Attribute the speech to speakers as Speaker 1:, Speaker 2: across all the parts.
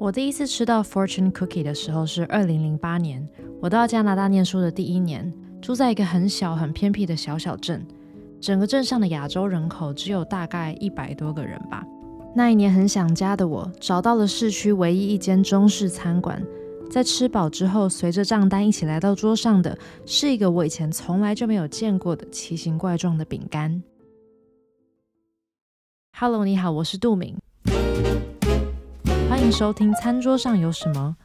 Speaker 1: 我第一次吃到 Fortune Cookie 的時候是二零零八年，我到加拿大念書的第一年，住在一個很小很偏僻的小小鎮，整個鎮上的亞洲人口只有大概一百多個人吧。那一年很想家的我，找到了市區唯一一間中式餐館，在吃飽之後，隨着賬單一起來到桌上的是一個我以前從來就沒有見過的奇形怪狀的餅乾。Hello，你好，我是杜敏。收聽餐桌上有什麼？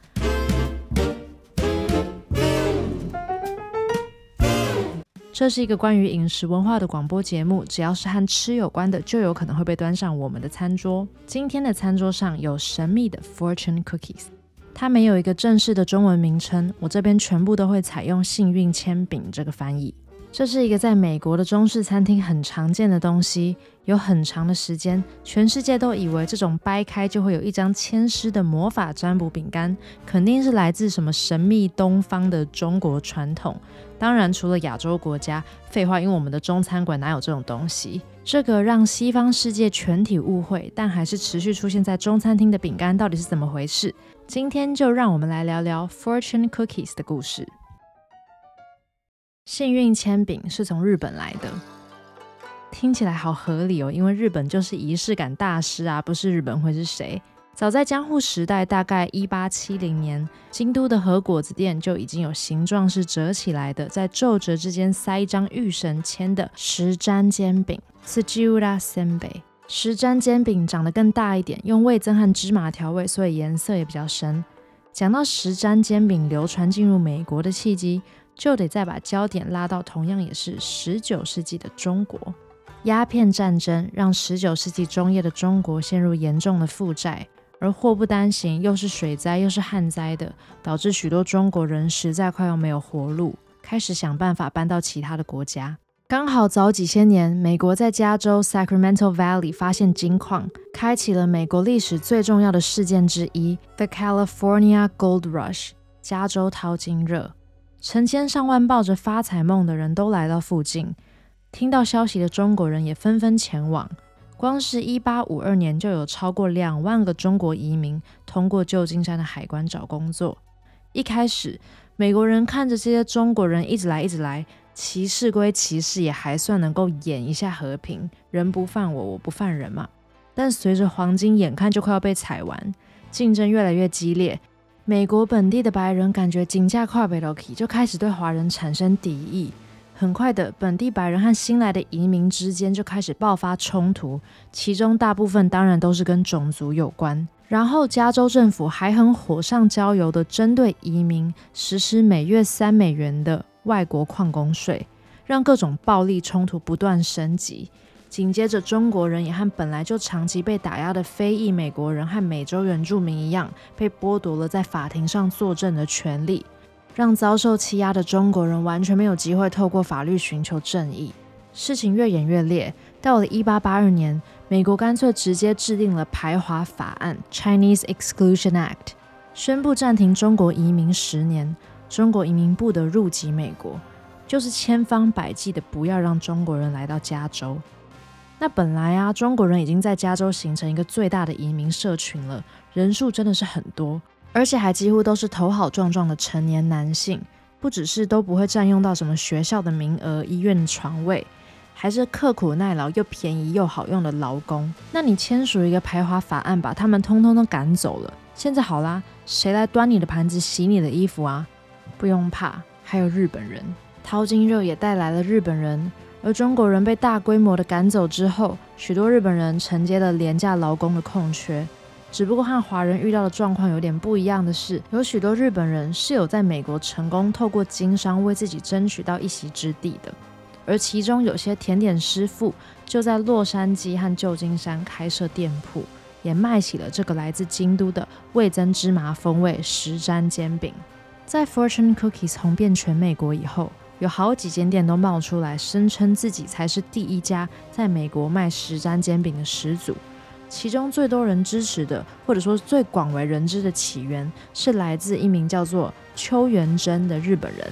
Speaker 1: 這是一個關於飲食文化的廣播節目，只要是和吃有關的，就有可能會被端上我們的餐桌。今天的餐桌上有神秘的 Fortune Cookies，它沒有一個正式的中文名稱，我這邊全部都會採用幸運籤餅這個翻譯。這是一個在美國的中式餐廳很常見的東西。有很長的時間，全世界都以為這種掰開就會有一張籤詩的魔法占卜餅乾，肯定是來自什麼神秘東方的中國傳統。當然，除了亞洲國家，廢話，因為我們的中餐館哪有這種東西？這個讓西方世界全體誤會，但還是持續出現在中餐廳的餅乾到底是怎麼回事？今天就讓我們來聊聊 Fortune Cookies 的故事。幸運籤餅是從日本來的，聽起來好合理哦，因為日本就是儀式感大師啊，不是日本會是誰？早在江戶時代，大概一八七零年，京都的和菓子店就已經有形狀是折起來的，在皺褶之間塞一張御神籤的十粘煎餅。Sujiru Sembai，實粘煎餅長得更大一點，用味噌和芝麻調味，所以顏色也比較深。講到十粘煎餅流傳進入美國的契機，就得再把焦點拉到同樣也是十九世紀的中國，鴉片戰爭讓十九世紀中葉的中國陷入嚴重的負債，而禍不單行，又是水災又是旱災的，導致許多中國人實在快要沒有活路，開始想辦法搬到其他的國家。剛好早幾千年，美國在加州 Sacramento Valley 發現金礦，開啟了美國歷史最重要的事件之一 ——The California Gold Rush（ 加州淘金熱）。成千上萬抱着發財夢的人都來到附近，聽到消息的中國人也紛紛前往。光是一八五二年，就有超過兩萬個中國移民通過舊金山的海關找工作。一開始，美國人看着這些中國人一直來一直來，歧視歸歧視，也還算能夠演一下和平，人不犯我，我不犯人嘛。但隨着黃金眼看就快要被採完，競爭越來越激烈。美國本地的白人感覺金價快被撈就開始對華人產生敵意，很快的本地白人和新來的移民之間就開始爆發衝突，其中大部分當然都是跟種族有關。然後加州政府還很火上澆油的針對移民實施每月三美元的外國礦工稅，讓各種暴力衝突不斷升級。緊接着，中國人也和本來就長期被打壓的非裔美國人和美洲原住民一樣，被剝奪了在法庭上作證的權利，讓遭受欺壓的中國人完全沒有機會透過法律尋求正義。事情越演越烈，到了一八八二年，美國乾脆直接制定了排華法案 （Chinese Exclusion Act），宣布暫停中國移民十年，中國移民不得入籍美國，就是千方百計的不要讓中國人來到加州。那本來啊，中國人已經在加州形成一個最大的移民社群了，人數真的是很多，而且還幾乎都是頭好壯壯的成年男性，不只是都不會占用到什麼學校的名額、醫院的床位，還是刻苦耐勞又便宜又好用的勞工。那你簽署一個排華法案吧，把他們通通都趕走了，現在好啦，誰來端你的盤子、洗你的衣服啊？不用怕，還有日本人，淘金熱也帶來了日本人。而中國人被大規模的趕走之後，許多日本人承接了廉價勞工的空缺。只不過和華人遇到的狀況有點不一樣的是，有許多日本人是有在美國成功透過經商為自己爭取到一席之地的。而其中有些甜點師傅就在洛杉磯和舊金山開設店鋪，也賣起了這個來自京都的味噌芝麻風味石沾煎餅。在 Fortune Cookies 紅遍全美國以後，有好幾間店都冒出來，聲稱自己才是第一家在美國賣辻占煎餅的始祖。其中最多人支持的，或者說最廣為人知的起源，是來自一名叫做邱元貞的日本人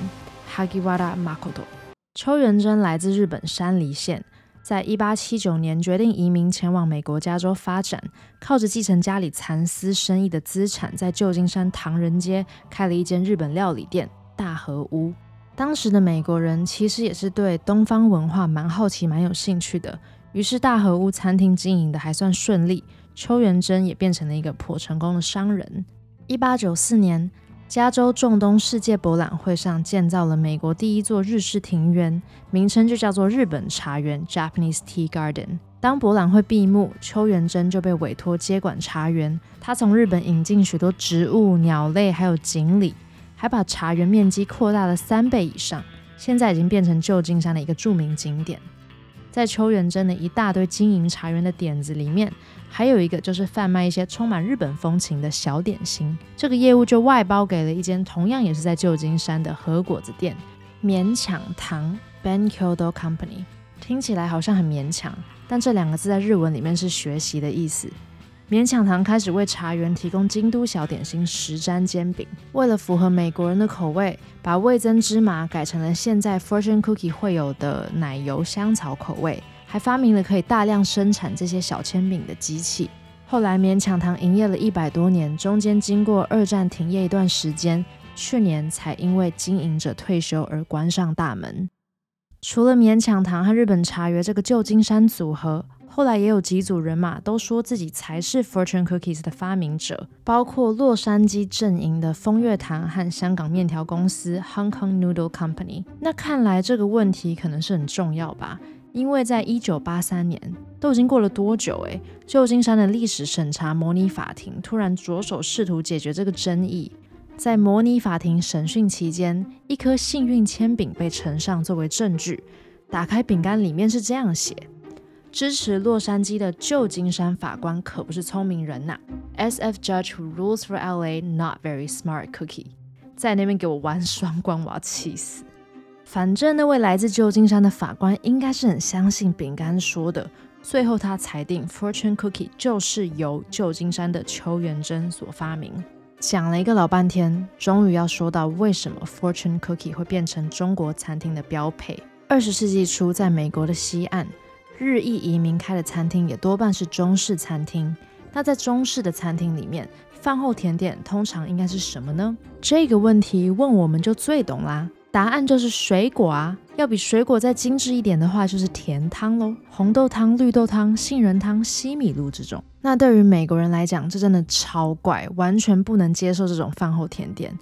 Speaker 1: Hagiwara Makoto。秋元貞來自日本山梨縣，在一八七九年決定移民前往美國加州發展，靠着繼承家裡蠶絲生意的資產，在舊金山唐人街開了一間日本料理店——大和屋。當時的美國人其實也是對東方文化蠻好奇、蠻有興趣的，於是大和屋餐廳經營得還算順利，邱元貞也變成了一個頗成功的商人。1894年，加州仲冬世界博覽會上建造了美國第一座日式庭園，名稱就叫做日本茶園 （Japanese Tea Garden）。當博覽會閉幕，邱元貞就被委托接管茶園，他從日本引進許多植物、鳥類，還有錦鯉。還把茶園面積擴大了三倍以上，現在已經變成舊金山的一個著名景點。在萩原真的一大堆經營茶園的點子裡面，還有一個就是販賣一些充滿日本風情的小點心，這個業務就外包給了一間同樣也是在舊金山的和果子店，勉強堂 Benkyodo Company。聽起來好像很勉強，但這兩個字在日文裡面是學習的意思。勉強堂開始為茶園提供京都小點心辻占煎餅，為了符合美國人的口味，把味噌芝麻改成了現在 Fortune Cookie 會有的奶油香草口味，還發明了可以大量生產這些小煎餅的機器。後來勉強堂營業了一百多年，中間經過二戰停業一段時間，去年才因為經營者退休而關上大門。除了勉強堂和日本茶園這個舊金山組合。後來也有幾組人馬都說自己才是 Fortune Cookies 的發明者，包括洛杉磯陣營的風月堂和香港麵條公司 Hong Kong Noodle Company。那看來這個問題可能是很重要吧，因為在1983年，都已經過了多久哎、欸？舊金山的歷史審查模擬法庭突然着手試圖解決這個爭議。在模擬法庭審訊期間，一顆幸運籤餅被呈上作為證據。打開餅乾裡面是這樣寫。支持洛杉磯的舊金山法官可不是聰明人吶、啊。S.F. Judge who rules for L.A. not very smart cookie，在那邊給我玩雙關，我要氣死。反正那位來自舊金山的法官應該是很相信餅乾說的。最後他裁定 Fortune Cookie 就是由舊金山的邱元珍所發明。講了一個老半天，終於要說到為什麼 Fortune Cookie 會變成中國餐廳的標配。二十世紀初，在美國的西岸。日益移民開的餐廳也多半是中式餐廳。那在中式的餐廳裡面，飯後甜點通常應該是什麼呢？這個問題問我們就最懂啦，答案就是水果啊。要比水果再精緻一點的話，就是甜湯嘍，紅豆湯、綠豆湯、杏仁湯、西米露這種。那對於美國人來講，這真的超怪，完全不能接受這種飯後甜點。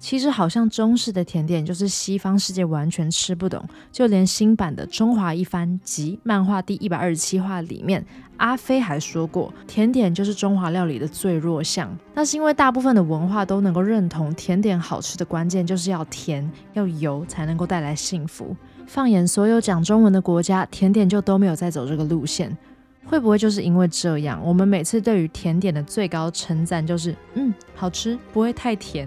Speaker 1: 其實好像中式的甜點，就是西方世界完全吃不懂。就連新版的《中華一番》及漫畫第一百二十七話裡面，阿飛還說過，甜點就是中華料理的最弱項。那是因為大部分的文化都能夠認同，甜點好吃的關鍵就是要甜，要油才能夠帶來幸福。放眼所有講中文的國家，甜點就都沒有再走這個路線。會不會就是因為這樣，我們每次對於甜點的最高稱讚就是“嗯，好吃，不會太甜”。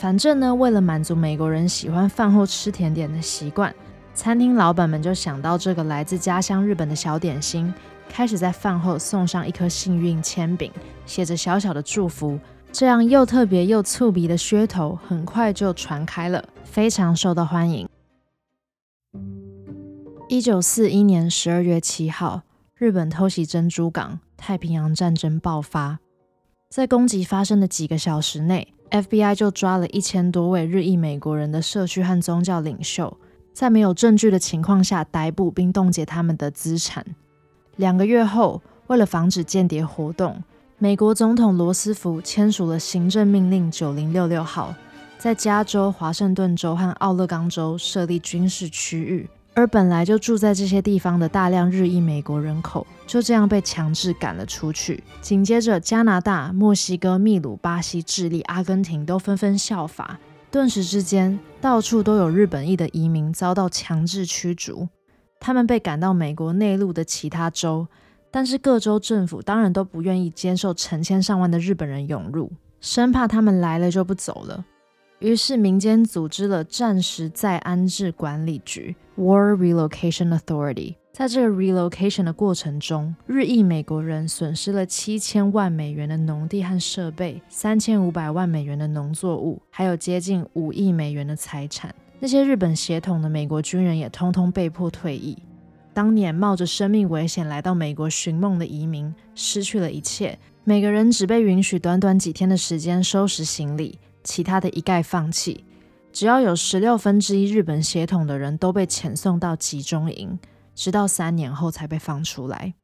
Speaker 1: 反正呢，為了滿足美國人喜歡飯後吃甜點的習慣，餐廳老闆們就想到這個來自家鄉日本的小點心，開始在飯後送上一顆幸運籤餅，寫着小小的祝福。這樣又特別又促咪的噱頭很快就傳開了，非常受到歡迎。一九四一年十二月七號，日本偷襲珍珠港，太平洋戰爭爆發。在攻擊發生的幾個小時內，FBI 就抓了一千多位日裔美國人的社區和宗教領袖，在沒有證據的情況下逮捕並凍結他們的資產。兩個月後，為了防止間諜活動，美國總統羅斯福簽署了行政命令九零六六號，在加州、華盛頓州和奧勒岡州設立軍事區域。而本來就住在這些地方的大量日裔美國人口，就這樣被強制趕了出去。緊接着，加拿大、墨西哥、祕魯、巴西、智利、阿根廷都紛紛效法，頓時之間，到處都有日本裔的移民遭到強制驅逐。他們被趕到美國內陸的其他州，但是各州政府當然都不願意接受成千上萬的日本人湧入，生怕他們來了就不走了。於是，民間組織了戰時再安置管理局 （War Relocation Authority）。在這個 relocation 的過程中，日裔美國人損失了七千萬美元的農地和設備，三千五百萬美元的農作物，還有接近五億美元的財產。那些日本血統的美國軍人也通通被迫退役。當年冒着生命危險來到美國尋夢的移民，失去了一切。每個人只被允許短短幾天的時間收拾行李。其他的一概放棄，只要有十六分之一日本血統的人都被遣送到集中營，直到三年後才被放出來。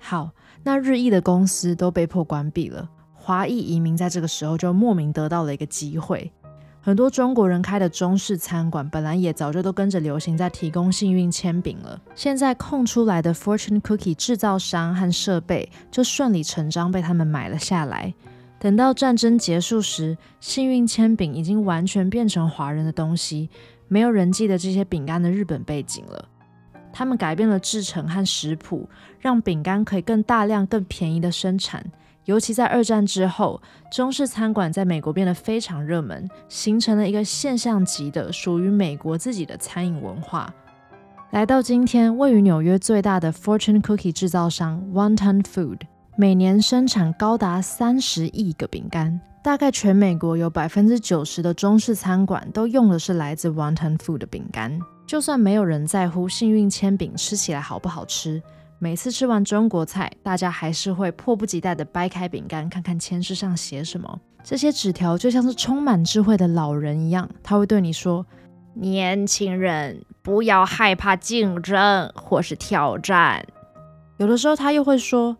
Speaker 1: 好，那日裔的公司都被迫關閉了，華裔移民在這個時候就莫名得到了一個機會。很多中國人開的中式餐館，本來也早就都跟着流行在提供幸運籤餅了，現在空出來的 Fortune Cookie 製造商和設備就順理成章被他們買了下來。等到戰爭結束時，幸運籤餅已經完全變成華人的東西，沒有人記得這些餅乾的日本背景了。他們改變了製程和食譜，讓餅乾可以更大量、更便宜的生產。尤其在二戰之後，中式餐館在美國變得非常熱門，形成了一個現象級的屬於美國自己的餐飲文化。來到今天，位於紐約最大的 Fortune Cookie 製造商 Wonton Food，每年生產高達三十億個餅乾，大概全美國有百分之九十的中式餐館都用的是來自 Wonton Food 的餅乾。就算沒有人在乎幸運籤餅吃起來好不好吃，每次吃完中國菜，大家還是會迫不及待地掰開餅乾，看看籤詩上寫什麼。這些紙條就像是充滿智慧的老人一樣，他會對你說：“年輕人，不要害怕競爭或是挑戰。”有的時候他又會說。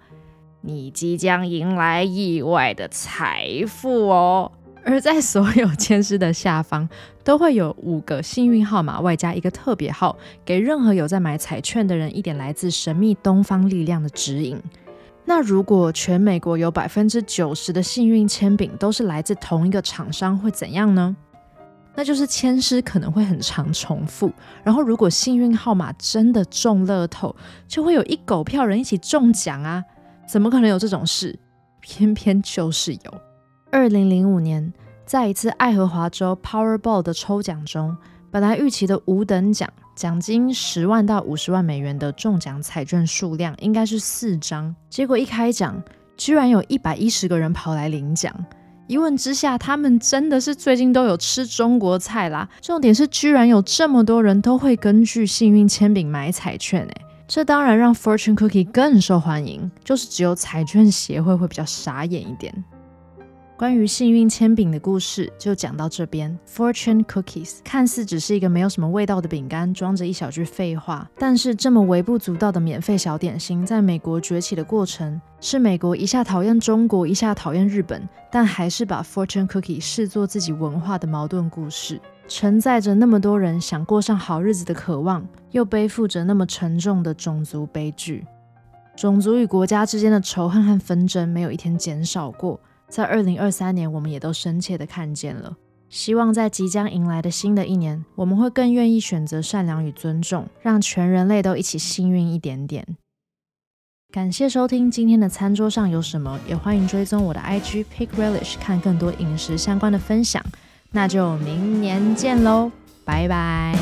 Speaker 1: 你即將迎來意外的財富哦！而在所有籤詩的下方，都會有五個幸運號碼，外加一個特別號，給任何有在買彩券的人一點來自神秘東方力量的指引。那如果全美國有百分之九十的幸運籤餅都是來自同一個廠商，會怎樣呢？那就是籤詩可能會很常重複，然後如果幸運號碼真的中樂透，就會有一狗票人一起中獎啊！怎麼可能有這種事？偏偏就是有。二零零五年，在一次愛荷華州 Powerball 的抽獎中，本來預期的五等獎獎金十萬到五十萬美元的中獎彩券數量應該是四張，結果一開獎，居然有一百一十個人跑來領獎。一問之下，他們真的是最近都有吃中國菜啦。重點是，居然有這麼多人都會根據幸運籤餅買彩券誒、欸。這當然讓 Fortune Cookie 更受歡迎，就是只有彩券協會會比較傻眼一點。關於幸運籤餅的故事就講到這邊。Fortune Cookies 看似只是一個沒有什麼味道的餅乾，裝着一小句廢話，但是這麼微不足道的免費小點心，在美國崛起的過程，是美國一下討厭中國，一下討厭日本，但還是把 Fortune Cookie 視作自己文化的矛盾故事。承載着那麼多人想過上好日子的渴望，又背負着那麼沉重的種族悲劇。種族與國家之間的仇恨和紛爭沒有一天減少過。在二零二三年，我們也都深切地看見了。希望在即將迎來的新的一年，我們會更願意選擇善良與尊重，讓全人類都一起幸運一點點。感謝收聽今天的餐桌上有什麼，也歡迎追蹤我的 IG Pick Relish 看更多飲食相關的分享。那就明年見嘍，拜拜。